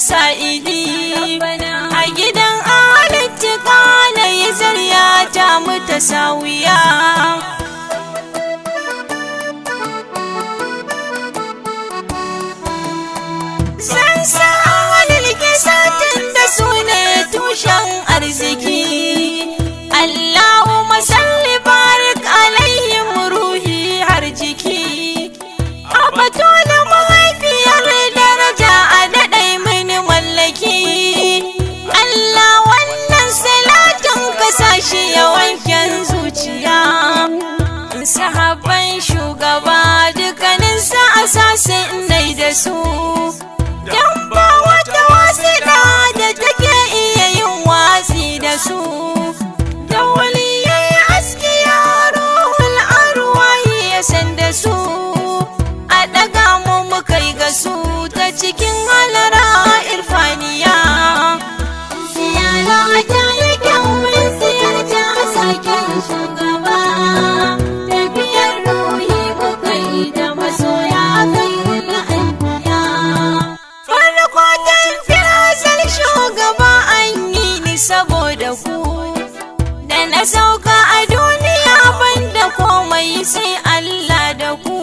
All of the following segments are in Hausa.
sa'idi a gidan halitti na yi zarya ta muta sawiya san sai Allah da ku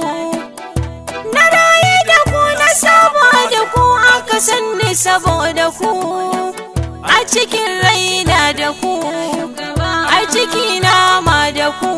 na raye da ku na saba da ku aka sanni saboda ku a cikin raina da ku a ciki nama da ku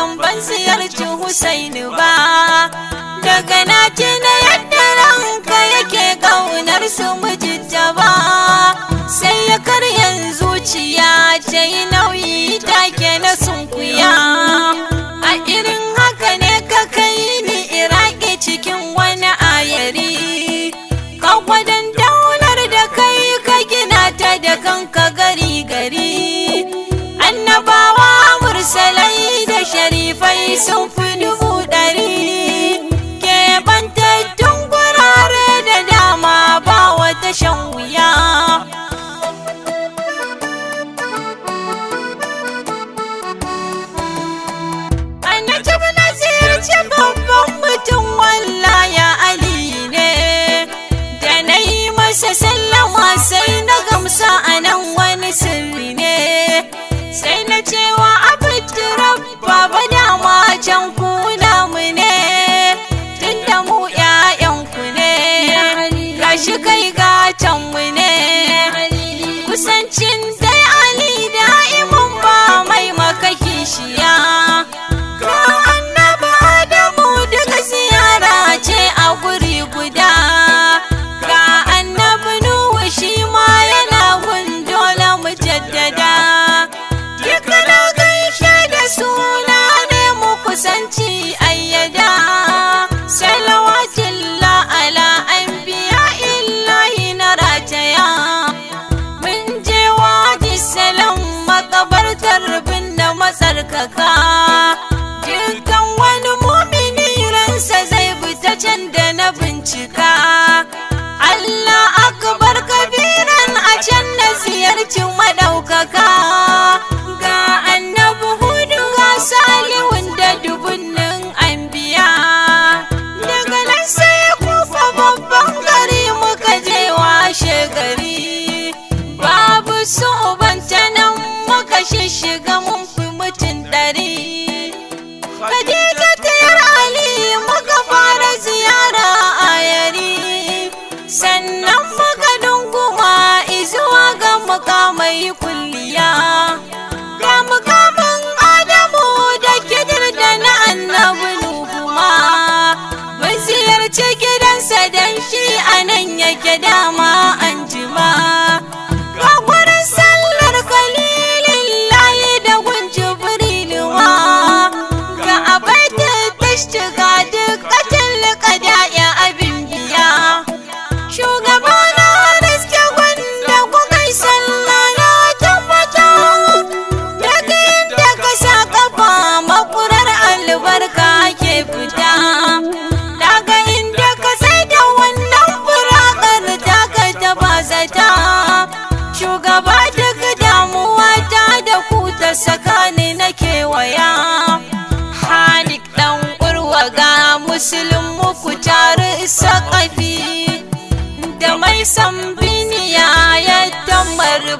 san ban ziyarci Husaini ba daga na na yadda ranka yake kaunar su ba sai ya karyan zuciya ta yi nauyi so pretty.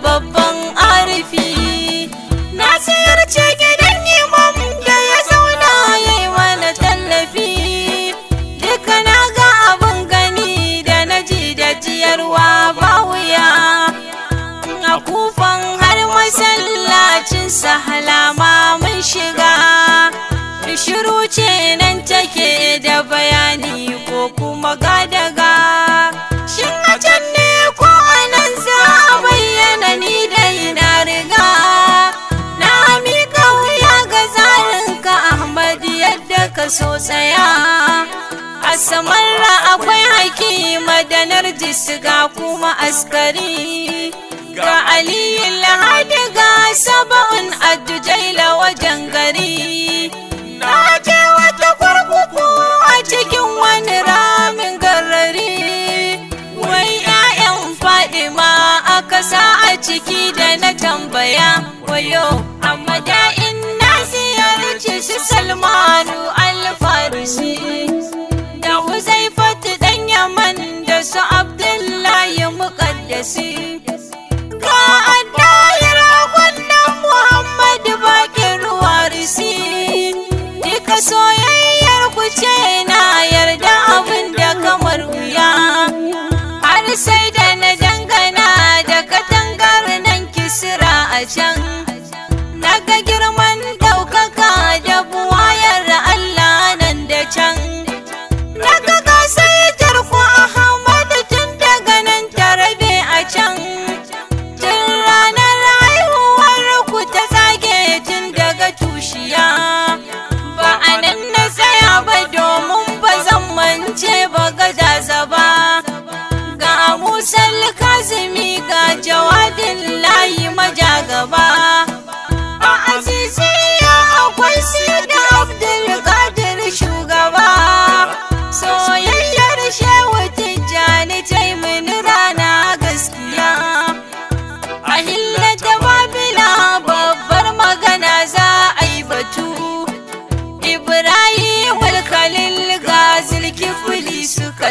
বাবা tsaya a samarra akwai haƙi madanar jisga kuma askari ga aliyu lahadi ga saba'un addujaila wajen gari na je wata kurkuku a cikin wani ramin garari wai 'ya'yan fadima a kasa a ciki da na tambaya wayo amma da'in na ziyarci shi salmanu al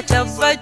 tabbat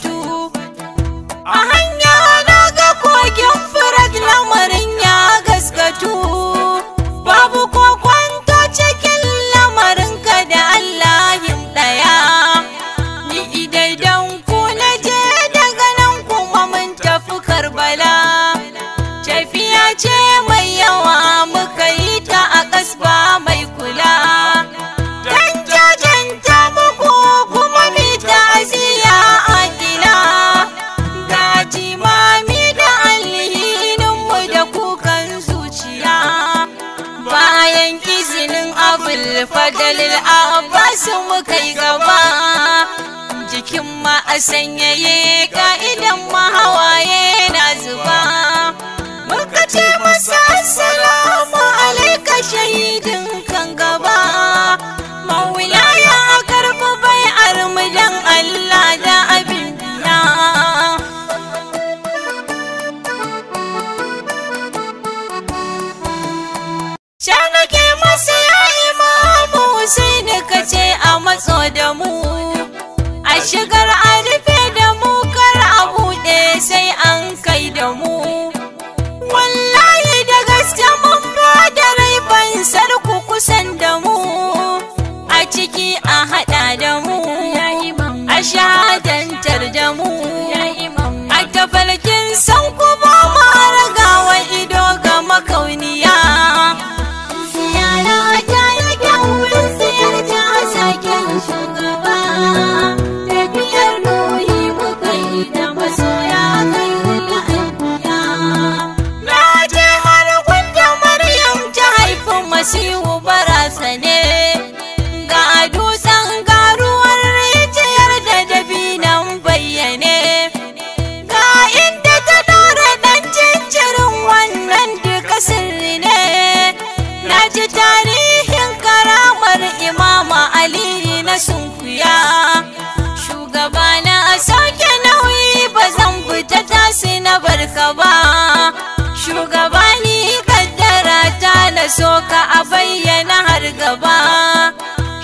ka a bayyana har gaba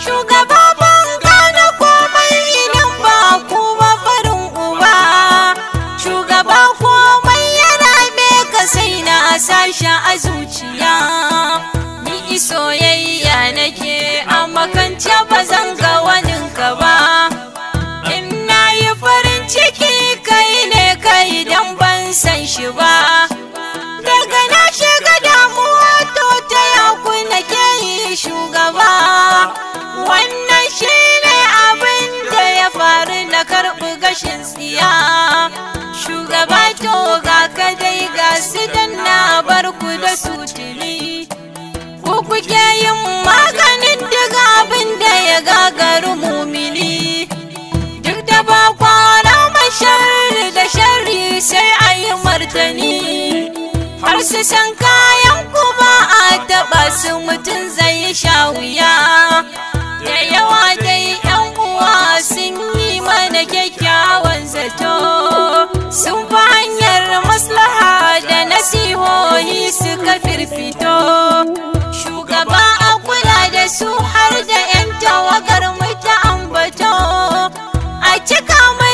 shugaba ban gane komai idan ba kuma farin uba shugaba komai yana me ka sai na sashi a zuciya ni soyayya nake a makance ba garin mumini duk da ba kwana mashari da shari sai a yi martani har su san kayan kuma a taɓa su mutum zai yi shawuya da yawa dai yan uwa sun yi mana kyakkyawan zato sun fi hanyar maslaha da nasihohi suka firfito shugaba a kula da su har da kar mu ta ambato a cika mai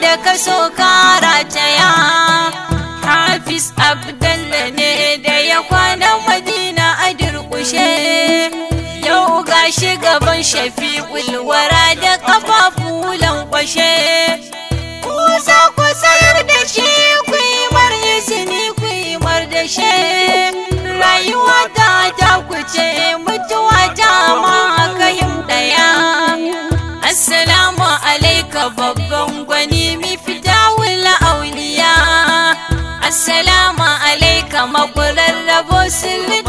da ka so karataya hafiz abdalla ne da ya kwana madina a durƙushe yau gashi gaban shafi wara da kafa blessing